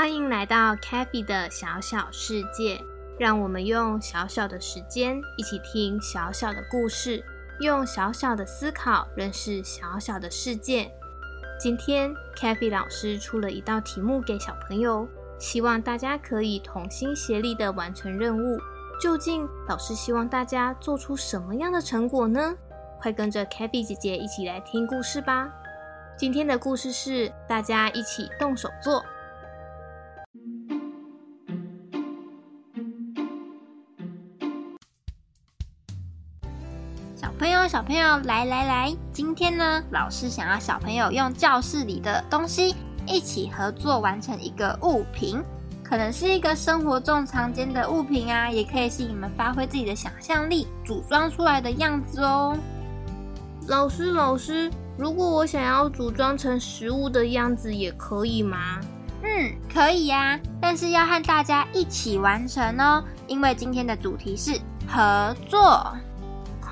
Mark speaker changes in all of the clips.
Speaker 1: 歡迎來到 CaFi 的小小世界，讓我們用小小的時間一起聽小小的故事，用小小的思考認識小小的世界。今天 CaFi 老師出了一道題目給小朋友，希望大家可以同心協力地完成任務。究竟老師希望大家做出什麼樣的成果呢？快跟着 CaFi 姐姐一起來聽故事吧。今天的故事是大家一起動手做。小朋友，小朋友，來來來！今天呢，老師想要小朋友用教室裡的東西一起合作完成一個物品，可能是一個生活中常見的物品啊，也可以是你們發揮自己的想象力組裝出來的樣子哦。老師，老師，如果我想要組裝成食物的樣子也可以嗎？嗯，可以呀、啊，但是要和大家一起完成哦，因為今天的主題是合作。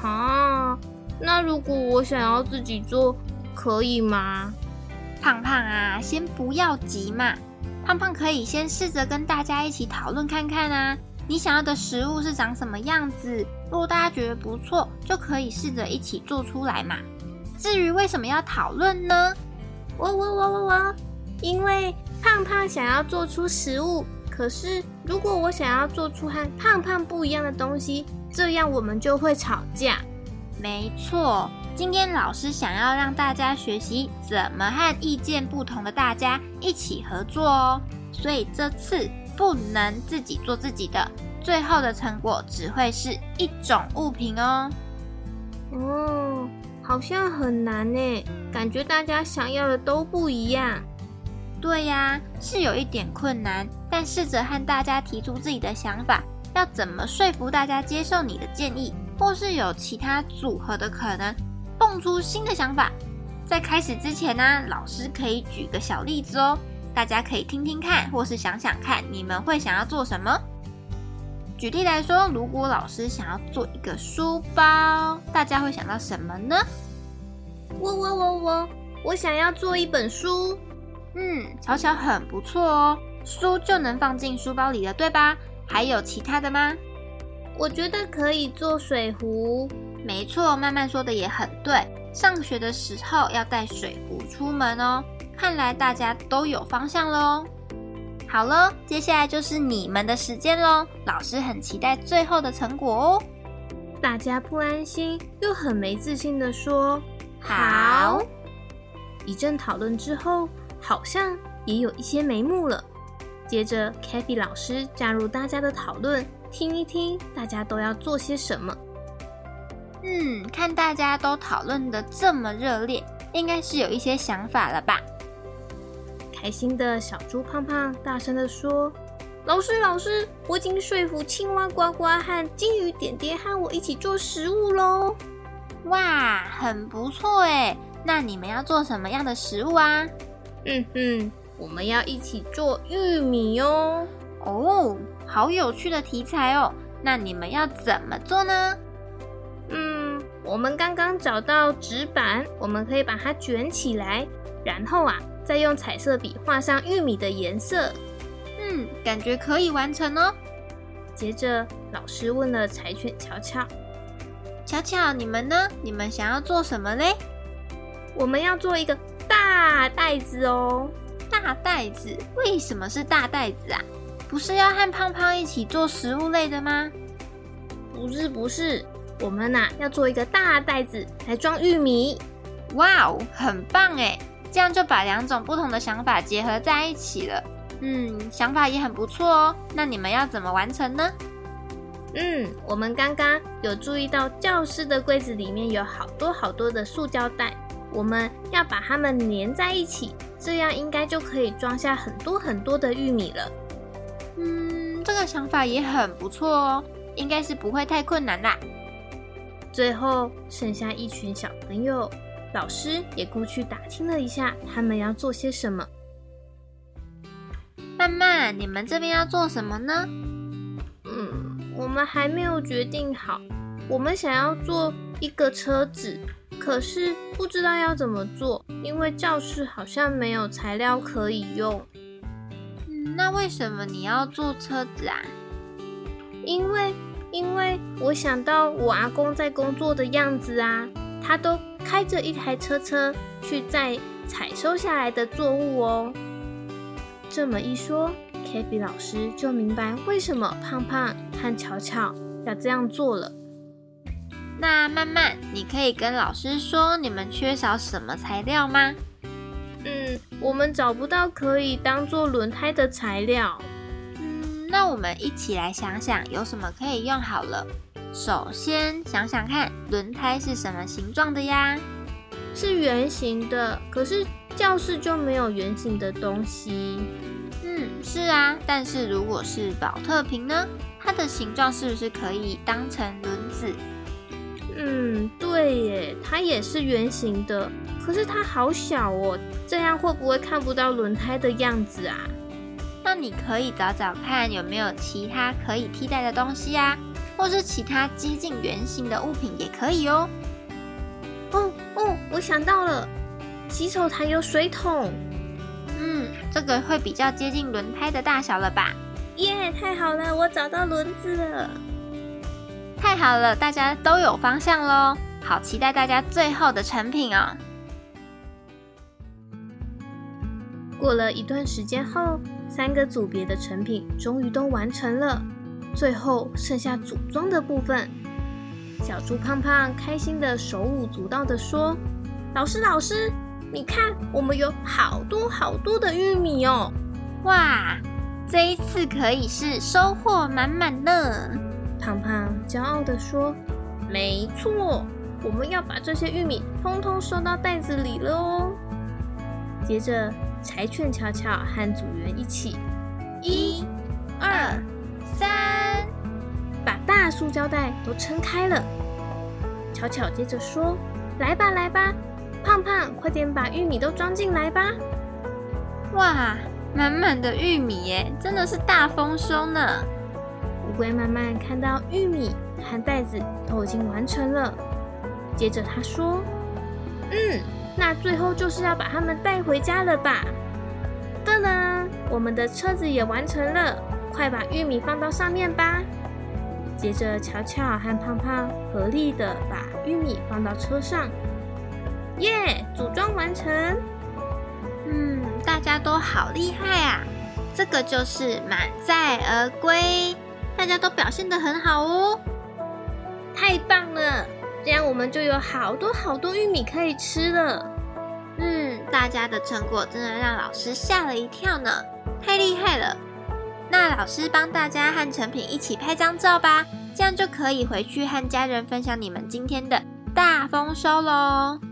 Speaker 1: 啊，那如果我想要自己做，可以嗎？胖胖啊，先不要急嘛。胖胖可以先試着跟大家一起討論看看啊，你想要的食物是長什麼樣子？如果大家覺得不錯，就可以試着一起做出來嘛。至於為什麼要討論呢？哦哦哦哦哦，因為胖胖想要做出食物，可是如果我想要做出和胖胖不一樣的東西。這樣我們就會吵架。沒錯，今天老師想要讓大家學習怎麼和意見不同的大家一起合作哦。所以這次不能自己做自己的，最後的成果只會是一種物品哦。哦，好像很難誒，感覺大家想要的都不一樣。對呀，是有一點困難，但試着和大家提出自己的想法。要怎麼說服大家接受你的建議，或是有其他組合的可能，蹦出新的想法？在開始之前呢、啊，老師可以舉個小例子哦，大家可以聽聽看，或是想想看，你們會想要做什麼？舉例來說，如果老師想要做一個書包，大家會想到什麼呢？我我我我，我想要做一本書。嗯，巧巧很不錯哦，書就能放進書包裡了，對吧？還有其他的嗎？我覺得可以做水壺。沒錯，曼曼說的也很對。上學的時候要帶水壺出門哦。看來大家都有方向嘍。好了，接下來就是你們的時間嘍。老師很期待最後的成果哦。大家不安心又很沒自信的說：“好。”一陣討論之後，好像也有一些眉目了。接着 CaFi 老師加入大家的討論，聽一聽大家都要做些什麼。嗯，看大家都討論得這麼熱烈，應該是有一些想法了吧？開心的小豬胖胖大聲的說：“老師，老師，我已經說服青蛙呱呱和金魚點點和我一起做食物嘍！哇，很不錯哎！那你們要做什麼樣的食物啊？嗯嗯。”我們要一起做玉米哦！哦，好有趣的題材哦！那你們要怎麼做呢？嗯，我們剛剛找到紙板，我們可以把它捲起來，然後啊，再用彩色筆畫上玉米的顏色。嗯，感覺可以完成哦。接着老師問了柴犬巧巧：“巧巧，你們呢？你們想要做什麼嘞？”我們要做一個大袋子哦。大袋子？為什麼是大袋子啊？不是要和胖胖一起做食物類的嗎？不是不是，我們呢、啊、要做一個大袋子來裝玉米。哇哦，很棒誒！這樣就把兩種不同的想法結合在一起了。嗯，想法也很不錯哦。那你們要怎麼完成呢？嗯，我們剛剛有注意到教室的櫃子裡面有好多好多的塑膠袋，我們要把它們黏在一起。這樣應該就可以裝下很多很多的玉米了。嗯，這個想法也很不錯哦，應該是不會太困難啦。最後剩下一群小朋友，老師也過去打聽了一下，他們要做些什麼。曼曼，你們這邊要做什麼呢？嗯，我們還沒有決定好，我們想要做。一個車子，可是不知道要怎麼做，因為教室好像沒有材料可以用。嗯，那為什麼你要做車子啊？因為，因為我想到我阿公在工作的樣子啊，他都開着一台車車去載採收下來的作物哦。這麼一說，CaFi 老師就明白為什麼胖胖和喬喬要這樣做了。那慢慢你可以跟老師說你們缺少什麼材料嗎？嗯，我們找不到可以當做輪胎的材料。嗯，那我們一起來想想有什麼可以用好了。首先想想看，輪胎是什麼形狀的呀？是圓形的，可是教室就沒有圓形的東西。嗯，是啊，但是如果是寶特瓶呢？它的形狀是不是可以當成輪子？對耶，它也是圓形的，可是它好小哦，這樣會不會看不到輪胎的樣子啊？那你可以找找看有沒有其他可以替代的東西啊，或是其他接近圓形的物品也可以哦。哦哦，我想到了，洗手台有水桶，嗯，這個會比較接近輪胎的大小了吧？耶，太好了，我找到輪子了！太好了，大家都有方向嘍。好期待大家最後的成品哦！過了一段時間後，三個組別的成品終於都完成了，最後剩下組裝的部分。小豬胖胖開心的手舞足蹈的說：“老師，老師，你看，我們有好多好多的玉米哦！”哇，這一次可以是收穫滿滿的！胖胖驕傲的說：“沒錯。”我們要把這些玉米通通收到袋子裡囉。接着，柴犬巧巧和組員一起，一、二、三，把大塑膠袋都撐開了。巧巧接着說：“來吧，來吧，胖胖，快點把玉米都裝進來吧！”哇，滿滿的玉米耶，真的是大豐收呢。烏龜慢慢看到玉米和袋子都已經完成了。接着他說：“嗯，那最後就是要把他們帶回家了吧？”“噔噔，我們的車子也完成了，快把玉米放到上面吧。”接着，喬喬和胖胖合力的把玉米放到車上。耶，yeah！組裝完成。嗯，大家都好厲害啊！這個就是滿載而歸。大家都表現得很好哦，太棒了！這樣我們就有好多好多玉米可以吃了。嗯，大家的成果真的讓老師嚇了一跳呢，太厲害了！那老師幫大家和成品一起拍張照吧，這樣就可以回去和家人分享你們今天的大豐收嘍。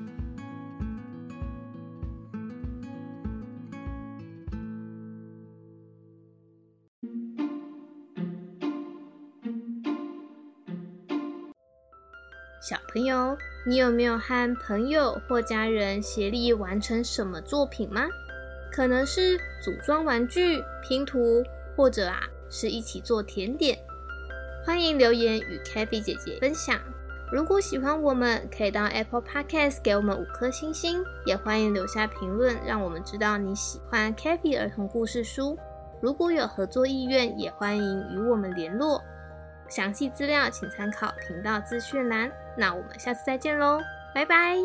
Speaker 1: 小朋友，你有沒有和朋友或家人協力完成什麼作品嗎？可能是組裝玩具、拼圖，或者啊是一起做甜點。歡迎留言與 k a t h y CaFi 姐姐分享。如果喜歡我們，可以到 Apple p o d c a s t Podcast 給我們五顆星星，也歡迎留下評論，讓我們知道你喜歡 k a t h y CaFi 兒童故事書。如果有合作意願，也歡迎與我們聯絡。詳細資料請參考頻道資訊欄。那我們下次再見嘍，拜拜。